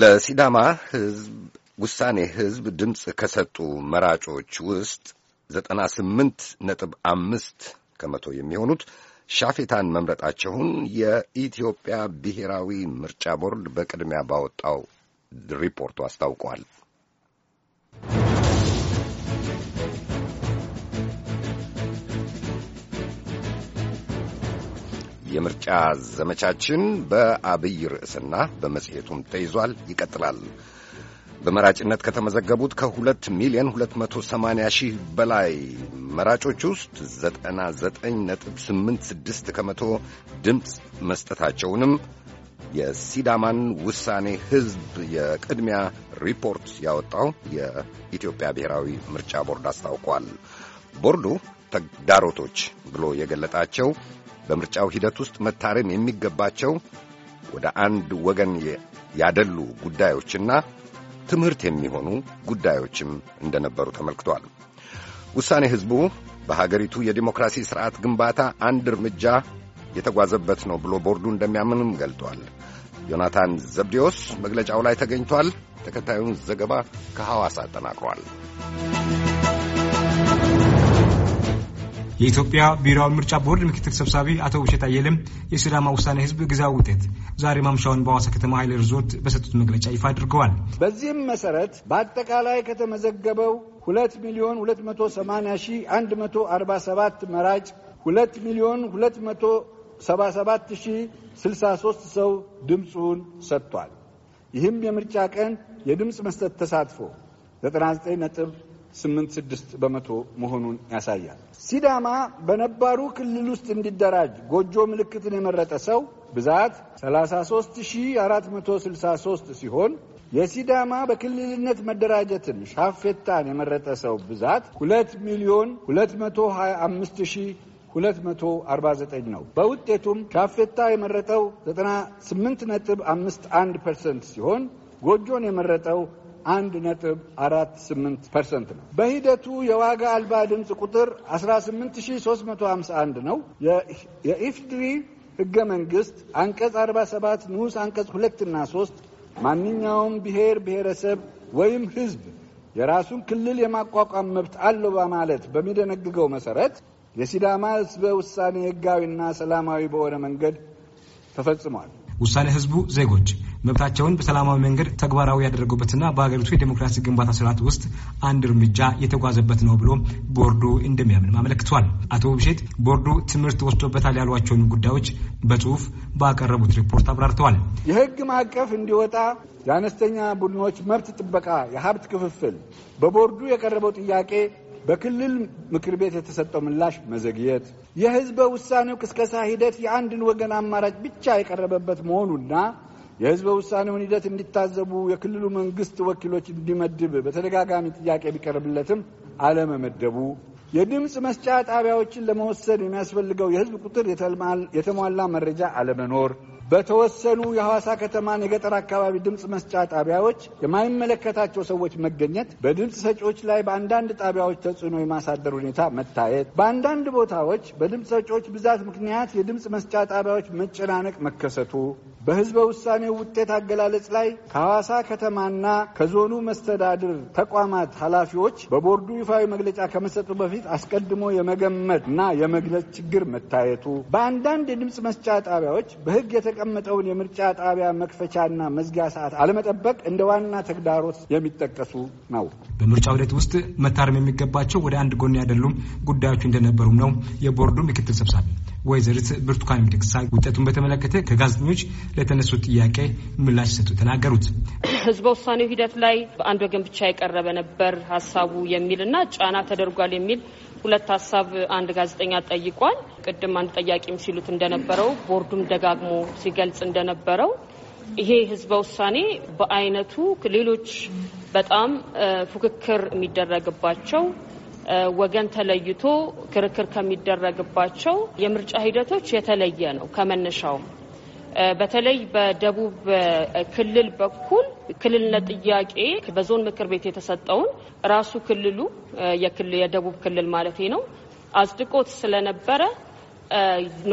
ለሲዳማ ህዝብ ውሳኔ ህዝብ ድምፅ ከሰጡ መራጮች ውስጥ ዘጠና ስምንት ነጥብ አምስት ከመቶ የሚሆኑት ሻፌታን መምረጣቸውን የኢትዮጵያ ብሔራዊ ምርጫ ቦርድ በቅድሚያ ባወጣው ሪፖርቱ አስታውቋል። የምርጫ ዘመቻችን በአብይ ርዕስና በመጽሔቱም ተይዟል፣ ይቀጥላል። በመራጭነት ከተመዘገቡት ከሁለት ሚሊዮን ሁለት መቶ ሰማንያ ሺህ በላይ መራጮች ውስጥ ዘጠና ዘጠኝ ነጥብ ስምንት ስድስት ከመቶ ድምፅ መስጠታቸውንም የሲዳማን ውሳኔ ሕዝብ የቅድሚያ ሪፖርት ያወጣው የኢትዮጵያ ብሔራዊ ምርጫ ቦርድ አስታውቋል። ቦርዱ ተግዳሮቶች ብሎ የገለጣቸው በምርጫው ሂደት ውስጥ መታረም የሚገባቸው ወደ አንድ ወገን ያደሉ ጉዳዮችና ትምህርት የሚሆኑ ጉዳዮችም እንደነበሩ ተመልክቷል። ውሳኔ ሕዝቡ በሀገሪቱ የዲሞክራሲ ሥርዓት ግንባታ አንድ እርምጃ የተጓዘበት ነው ብሎ ቦርዱ እንደሚያምንም ገልጧል። ዮናታን ዘብዴዎስ መግለጫው ላይ ተገኝቷል። ተከታዩን ዘገባ ከሐዋሳ አጠናቅሯል። የኢትዮጵያ ብሔራዊ ምርጫ ቦርድ ምክትል ሰብሳቢ አቶ ውሸት አየለም የሲዳማ ውሳኔ ህዝብ ግዛዊ ውጤት ዛሬ ማምሻውን በሐዋሳ ከተማ ኃይል ሪዞርት በሰጡት መግለጫ ይፋ አድርገዋል። በዚህም መሰረት በአጠቃላይ ከተመዘገበው 2 ሚሊዮን 280147 መራጭ 2 ሚሊዮን 277,063 ሰው ድምፁን ሰጥቷል። ይህም የምርጫ ቀን የድምፅ መስጠት ተሳትፎ 99 ነጥብ 86 በመቶ መሆኑን ያሳያል። ሲዳማ በነባሩ ክልል ውስጥ እንዲደራጅ ጎጆ ምልክትን የመረጠ ሰው ብዛት 33463 ሲሆን የሲዳማ በክልልነት መደራጀትን ሻፌታን የመረጠ ሰው ብዛት 2 ሚሊዮን 249 ነው። በውጤቱም ሻፌታ የመረጠው 98.51 ፐርሰንት ሲሆን ጎጆን የመረጠው አንድ ነጥብ አራት ስምንት ፐርሰንት ነው። በሂደቱ የዋጋ አልባ ድምፅ ቁጥር 18351 ነው። የኢፍድሪ ህገ መንግስት አንቀጽ 47 ንዑስ አንቀጽ ሁለትና ሶስት ማንኛውም ብሔር ብሔረሰብ ወይም ህዝብ የራሱን ክልል የማቋቋም መብት አለው በማለት በሚደነግገው መሰረት የሲዳማ ህዝበ ውሳኔ ህጋዊና ሰላማዊ በሆነ መንገድ ተፈጽሟል። ውሳኔ ህዝቡ ዜጎች መብታቸውን በሰላማዊ መንገድ ተግባራዊ ያደረጉበትና በሀገሪቱ የዴሞክራሲ ግንባታ ስርዓት ውስጥ አንድ እርምጃ የተጓዘበት ነው ብሎ ቦርዱ እንደሚያምንም አመለክቷል። አቶ ብሼት ቦርዱ ትምህርት ወስዶበታል ያሏቸውን ጉዳዮች በጽሁፍ ባቀረቡት ሪፖርት አብራርተዋል። የህግ ማዕቀፍ እንዲወጣ የአነስተኛ ቡድኖች መብት ጥበቃ፣ የሀብት ክፍፍል በቦርዱ የቀረበው ጥያቄ በክልል ምክር ቤት የተሰጠው ምላሽ መዘግየት፣ የህዝበ ውሳኔው ቅስቀሳ ሂደት የአንድን ወገን አማራጭ ብቻ የቀረበበት መሆኑና የህዝበ ውሳኔውን ሂደት እንዲታዘቡ የክልሉ መንግስት ወኪሎች እንዲመድብ በተደጋጋሚ ጥያቄ ቢቀርብለትም አለመመደቡ፣ የድምፅ መስጫ ጣቢያዎችን ለመወሰን የሚያስፈልገው የህዝብ ቁጥር የተሟላ መረጃ አለመኖር በተወሰኑ የሐዋሳ ከተማን የገጠር አካባቢ ድምፅ መስጫ ጣቢያዎች የማይመለከታቸው ሰዎች መገኘት፣ በድምፅ ሰጪዎች ላይ በአንዳንድ ጣቢያዎች ተጽዕኖ የማሳደር ሁኔታ መታየት፣ በአንዳንድ ቦታዎች በድምፅ ሰጪዎች ብዛት ምክንያት የድምፅ መስጫ ጣቢያዎች መጨናነቅ መከሰቱ በህዝበ ውሳኔው ውጤት አገላለጽ ላይ ከሐዋሳ ከተማና ከዞኑ መስተዳድር ተቋማት ኃላፊዎች በቦርዱ ይፋዊ መግለጫ ከመሰጡ በፊት አስቀድሞ የመገመት እና የመግለጽ ችግር መታየቱ፣ በአንዳንድ የድምፅ መስጫ ጣቢያዎች በህግ የተቀመጠውን የምርጫ ጣቢያ መክፈቻና መዝጊያ ሰዓት አለመጠበቅ እንደ ዋና ተግዳሮት የሚጠቀሱ ነው። በምርጫ ሂደት ውስጥ መታረም የሚገባቸው ወደ አንድ ጎን ያደሉም ጉዳዮቹ እንደነበሩም ነው የቦርዱ ምክትል ሰብሳቢ ወይዘሪት ብርቱካን ሚደቅሳ ውጤቱን በተመለከተ ከጋዜጠኞች ለተነሱ ጥያቄ ምላሽ ሰጡ ተናገሩት። ህዝበ ውሳኔው ሂደት ላይ በአንድ ወገን ብቻ የቀረበ ነበር ሀሳቡ የሚልና ጫና ተደርጓል የሚል ሁለት ሀሳብ አንድ ጋዜጠኛ ጠይቋል። ቅድም አንድ ጠያቂም ሲሉት እንደነበረው ቦርዱም ደጋግሞ ሲገልጽ እንደነበረው ይሄ ህዝበ ውሳኔ በአይነቱ ሌሎች በጣም ፉክክር የሚደረግባቸው ወገን ተለይቶ ክርክር ከሚደረግባቸው የምርጫ ሂደቶች የተለየ ነው። ከመነሻውም በተለይ በደቡብ ክልል በኩል ክልልነት ጥያቄ በዞን ምክር ቤት የተሰጠውን ራሱ ክልሉ የደቡብ ክልል ማለት ነው አጽድቆት ስለነበረ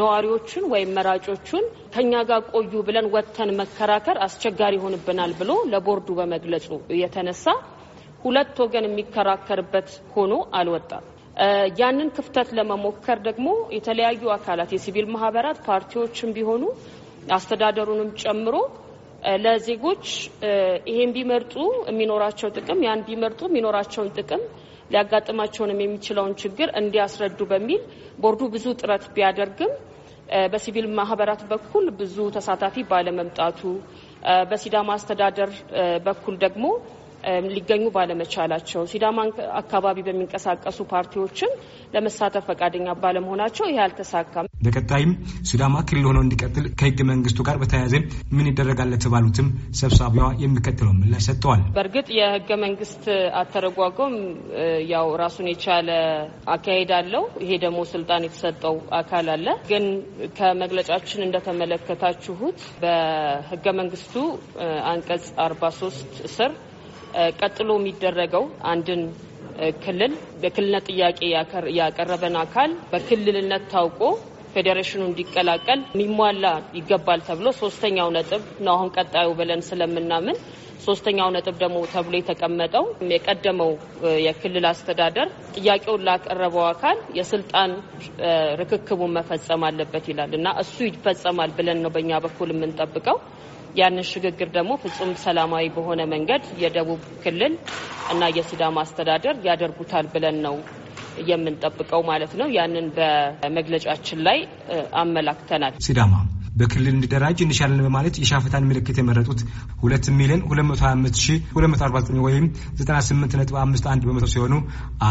ነዋሪዎቹን ወይም መራጮቹን ከኛ ጋር ቆዩ ብለን ወጥተን መከራከር አስቸጋሪ ይሆንብናል ብሎ ለቦርዱ በመግለጹ የተነሳ ሁለት ወገን የሚከራከርበት ሆኖ አልወጣም። ያንን ክፍተት ለመሞከር ደግሞ የተለያዩ አካላት የሲቪል ማህበራት ፓርቲዎችም ቢሆኑ አስተዳደሩንም ጨምሮ ለዜጎች ይሄን ቢመርጡ የሚኖራቸው ጥቅም ያን ቢመርጡ የሚኖራቸውን ጥቅም ሊያጋጥማቸውንም የሚችለውን ችግር እንዲያስረዱ በሚል ቦርዱ ብዙ ጥረት ቢያደርግም በሲቪል ማህበራት በኩል ብዙ ተሳታፊ ባለመምጣቱ በሲዳማ አስተዳደር በኩል ደግሞ ሊገኙ ባለመቻላቸው ሲዳማ አካባቢ በሚንቀሳቀሱ ፓርቲዎችም ለመሳተፍ ፈቃደኛ ባለመሆናቸው ይህ አልተሳካም። በቀጣይም ሲዳማ ክልል ሆነው እንዲቀጥል ከህገ መንግስቱ ጋር በተያያዘ ምን ይደረጋል ለተባሉትም ሰብሳቢዋ የሚከተለው ምላሽ ሰጥተዋል። በእርግጥ የህገ መንግስት አተረጓጎም ያው ራሱን የቻለ አካሄድ አለው። ይሄ ደግሞ ስልጣን የተሰጠው አካል አለ። ግን ከመግለጫችን እንደተመለከታችሁት በህገ መንግስቱ አንቀጽ ሶስት ስር ቀጥሎ የሚደረገው አንድን ክልል በክልልነት ጥያቄ ያቀረበን አካል በክልልነት ታውቆ ፌዴሬሽኑ እንዲቀላቀል የሚሟላ ይገባል ተብሎ ሶስተኛው ነጥብ ነው። አሁን ቀጣዩ ብለን ስለምናምን ሶስተኛው ነጥብ ደግሞ ተብሎ የተቀመጠው የቀደመው የክልል አስተዳደር ጥያቄውን ላቀረበው አካል የስልጣን ርክክቡን መፈጸም አለበት ይላል እና እሱ ይፈጸማል ብለን ነው በእኛ በኩል የምንጠብቀው። ያንን ሽግግር ደግሞ ፍጹም ሰላማዊ በሆነ መንገድ የደቡብ ክልል እና የሲዳማ አስተዳደር ያደርጉታል ብለን ነው የምንጠብቀው ማለት ነው። ያንን በመግለጫችን ላይ አመላክተናል። ሲዳማ በክልል እንዲደራጅ እንሻለን በማለት የሻፈታን ምልክት የመረጡት 2 ሚሊዮን 225249 ወይም 98.51 በመቶ ሲሆኑ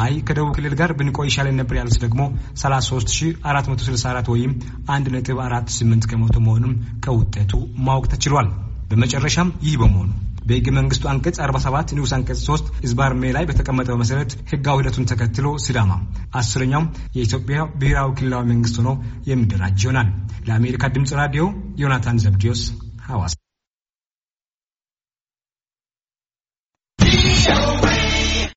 አይ ከደቡብ ክልል ጋር ብንቆይ ይሻለን ነበር ያሉት ደግሞ 33464 ወይም 1ነ48 ከመቶ መሆኑን ከውጤቱ ማወቅ ተችሏል። በመጨረሻም ይህ በመሆኑ በህገ መንግስቱ አንቀጽ 47 ንዑስ አንቀጽ 3 ህዝባር ሜ ላይ በተቀመጠው መሰረት ህጋዊ ሂደቱን ተከትሎ ሲዳማ አስረኛው የኢትዮጵያ ብሔራዊ ክልላዊ መንግስት ሆኖ የሚደራጅ ይሆናል። ለአሜሪካ ድምፅ ራዲዮ ዮናታን ዘብዲዮስ ሐዋሳ